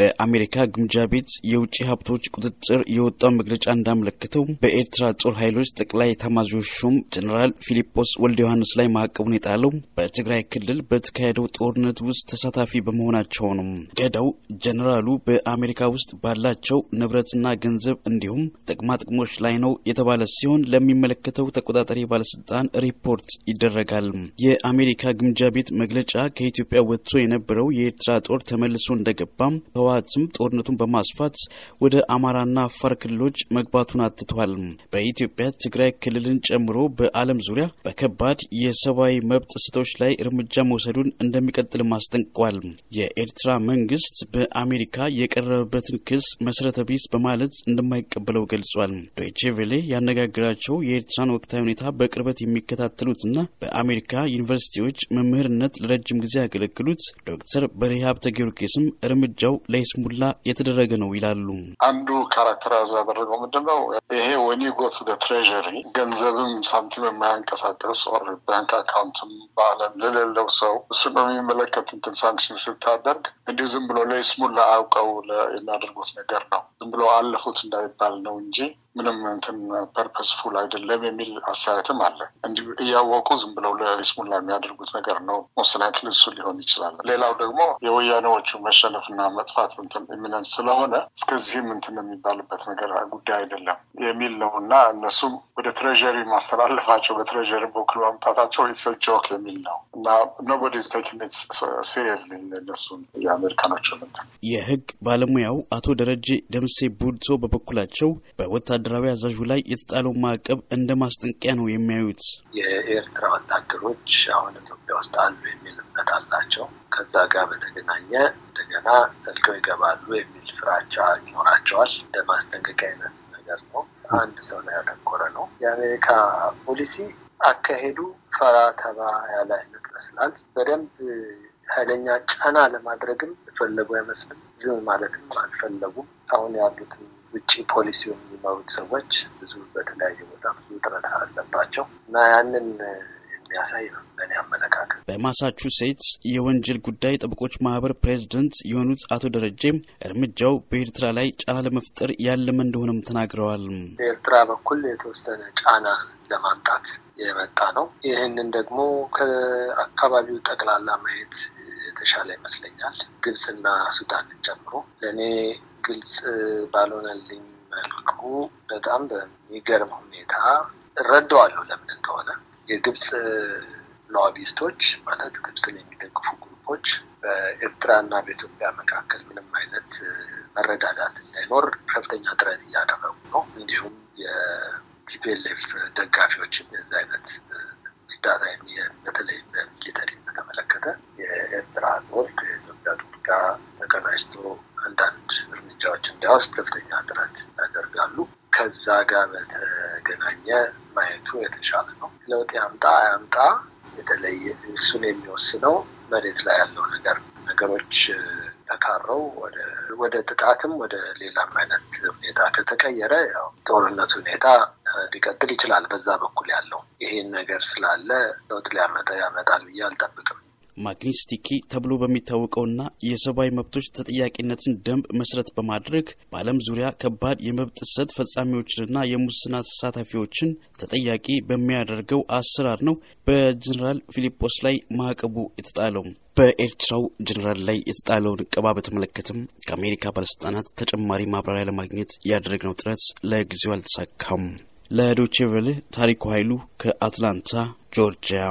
በአሜሪካ ግምጃ ቤት የውጭ ሀብቶች ቁጥጥር የወጣው መግለጫ እንዳመለከተው በኤርትራ ጦር ኃይሎች ጠቅላይ ኤታማዦር ሹም ጀኔራል ፊሊጶስ ወልደ ዮሐንስ ላይ ማዕቀቡን የጣለው በትግራይ ክልል በተካሄደው ጦርነት ውስጥ ተሳታፊ በመሆናቸው ነው። ገዳው ጀኔራሉ በአሜሪካ ውስጥ ባላቸው ንብረትና ገንዘብ እንዲሁም ጥቅማጥቅሞች ላይ ነው የተባለ ሲሆን ለሚመለከተው ተቆጣጣሪ ባለስልጣን ሪፖርት ይደረጋል። የአሜሪካ ግምጃ ቤት መግለጫ ከኢትዮጵያ ወጥቶ የነበረው የኤርትራ ጦር ተመልሶ እንደገባም ህወሀትም ጦርነቱን በማስፋት ወደ አማራና አፋር ክልሎች መግባቱን አትቷል። በኢትዮጵያ ትግራይ ክልልን ጨምሮ በዓለም ዙሪያ በከባድ የሰብአዊ መብት ጥሰቶች ላይ እርምጃ መውሰዱን እንደሚቀጥልም አስጠንቅቋል። የኤርትራ መንግስት በአሜሪካ የቀረበበትን ክስ መሰረተ ቢስ በማለት እንደማይቀበለው ገልጿል። ዶይቼ ቬሌ ያነጋግራቸው የኤርትራን ወቅታዊ ሁኔታ በቅርበት የሚከታተሉትና በአሜሪካ ዩኒቨርሲቲዎች መምህርነት ለረጅም ጊዜ ያገለግሉት ዶክተር በርሄ ሀብተ ጊዮርጊስም እርምጃው ለ ስሙላ የተደረገ ነው ይላሉ። አንዱ ካራክተራይዝ ያደረገው ነው? ይሄ ወኒ ጎት ትሬዥሪ ገንዘብም ሳንቲም የማያንቀሳቀስ ኦር ባንክ አካውንትም በዓለም ለሌለው ሰው እሱ በሚመለከት እንትን ሳንክሽን ስታደርግ እንዲሁ ዝም ብሎ ለይስሙላ አውቀው የሚያደርጉት ነገር ነው። ዝም ብሎ አለፉት እንዳይባል ነው እንጂ ምንም እንትን ፐርፐስፉል አይደለም የሚል አስተያየትም አለ። እንዲሁ እያወቁ ዝም ብለው ለይስሙላ የሚያደርጉት ነገር ነው። ሞስት እሱ ሊሆን ይችላል። ሌላው ደግሞ የወያኔዎቹ መሸነፍና መጥፋት ለመስራት ኢሚነንት ስለሆነ እስከዚህም እንትን የሚባልበት ነገር ጉዳይ አይደለም የሚል ነው እና እነሱም ወደ ትሬዠሪ ማስተላለፋቸው በትሬዠሪ በኩል ማምጣታቸው ኢትስ ጆክ የሚል ነው እና ኖቦዲ ሲሪየስ እነሱ የአሜሪካኖች የህግ ባለሙያው አቶ ደረጀ ደምሴ ቡድሶ በበኩላቸው በወታደራዊ አዛዡ ላይ የተጣለው ማዕቀብ እንደ ማስጠንቀቂያ ነው የሚያዩት። የኤርትራ ወታደሮች አሁን ኢትዮጵያ ውስጥ አሉ የሚልበት አላቸው። ከዛ ጋር በተገናኘ እንደገና ዘልቀው ይገባሉ የሚል ፍራቻ ይኖራቸዋል። እንደ ማስጠንቀቂያ አይነት ነገር ነው። አንድ ሰው ላይ ያተኮረ ነው የአሜሪካ ፖሊሲ። አካሄዱ ፈራ ተባ ያለ አይነት ይመስላል። በደንብ ኃይለኛ ጫና ለማድረግም የፈለጉ አይመስልም። ዝም ማለትም አልፈለጉም። አሁን ያሉትም ውጭ ፖሊሲ የሚመሩት ሰዎች ብዙ በተለያየ ቦታ ብዙ ጥረት አለባቸው እና ያንን የሚያሳይ ነው በእኔ አመለካከት። በማሳቹሴትስ የወንጀል ጉዳይ ጠበቆች ማህበር ፕሬዚደንት የሆኑት አቶ ደረጀ እርምጃው በኤርትራ ላይ ጫና ለመፍጠር ያለመ እንደሆነም ተናግረዋል። በኤርትራ በኩል የተወሰነ ጫና ለማምጣት የመጣ ነው። ይህንን ደግሞ ከአካባቢው ጠቅላላ ማየት የተሻለ ይመስለኛል። ግብፅና ሱዳንን ጨምሮ ለእኔ ግልጽ ባልሆነልኝ መልኩ በጣም በሚገርም ሁኔታ እረዳዋለሁ ለምን እንደሆነ የግብፅ ሎቢስቶች ማለት ግብፅን የሚደግፉ ግሩፖች በኤርትራና በኢትዮጵያ መካከል ምንም አይነት መረዳዳት እንዳይኖር ከፍተኛ ጥረት እያደረጉ ነው። እንዲሁም የቲፒኤልኤፍ ደጋፊዎችም የዚ አይነት እርዳታ በተለይ በሚሊተሪ በተመለከተ የኤርትራ ጦር ከኢትዮጵያ ጦር ጋር ተቀናጅቶ አንዳንድ እርምጃዎች እንዳይወስድ ከፍተኛ ጥረት ያደርጋሉ። ከዛ ጋር በተገናኘ ማየቱ የተሻለ ነው። ለውጥ ያምጣ አያምጣ የተለየ እሱን የሚወስነው መሬት ላይ ያለው ነገር ነገሮች ተካረው ወደ ጥቃትም ወደ ሌላም አይነት ሁኔታ ከተቀየረ ያው ጦርነት ሁኔታ ሊቀጥል ይችላል። በዛ በኩል ያለው ይሄን ነገር ስላለ ለውጥ ሊያመጣ ያመጣል ብዬ አልጠብቅም። ማግኒስቲኪ ተብሎ በሚታወቀውና የሰብአዊ መብቶች ተጠያቂነትን ደንብ መሰረት በማድረግ በዓለም ዙሪያ ከባድ የመብት ጥሰት ፈጻሚዎችንና የሙስና ተሳታፊዎችን ተጠያቂ በሚያደርገው አሰራር ነው በጀኔራል ፊሊጶስ ላይ ማዕቀቡ የተጣለው። በኤርትራው ጀኔራል ላይ የተጣለውን እቀባ በተመለከተም ከአሜሪካ ባለስልጣናት ተጨማሪ ማብራሪያ ለማግኘት ያደረግነው ጥረት ለጊዜው አልተሳካም። ለዶቼ ታሪኩ ኃይሉ ከአትላንታ ጆርጂያ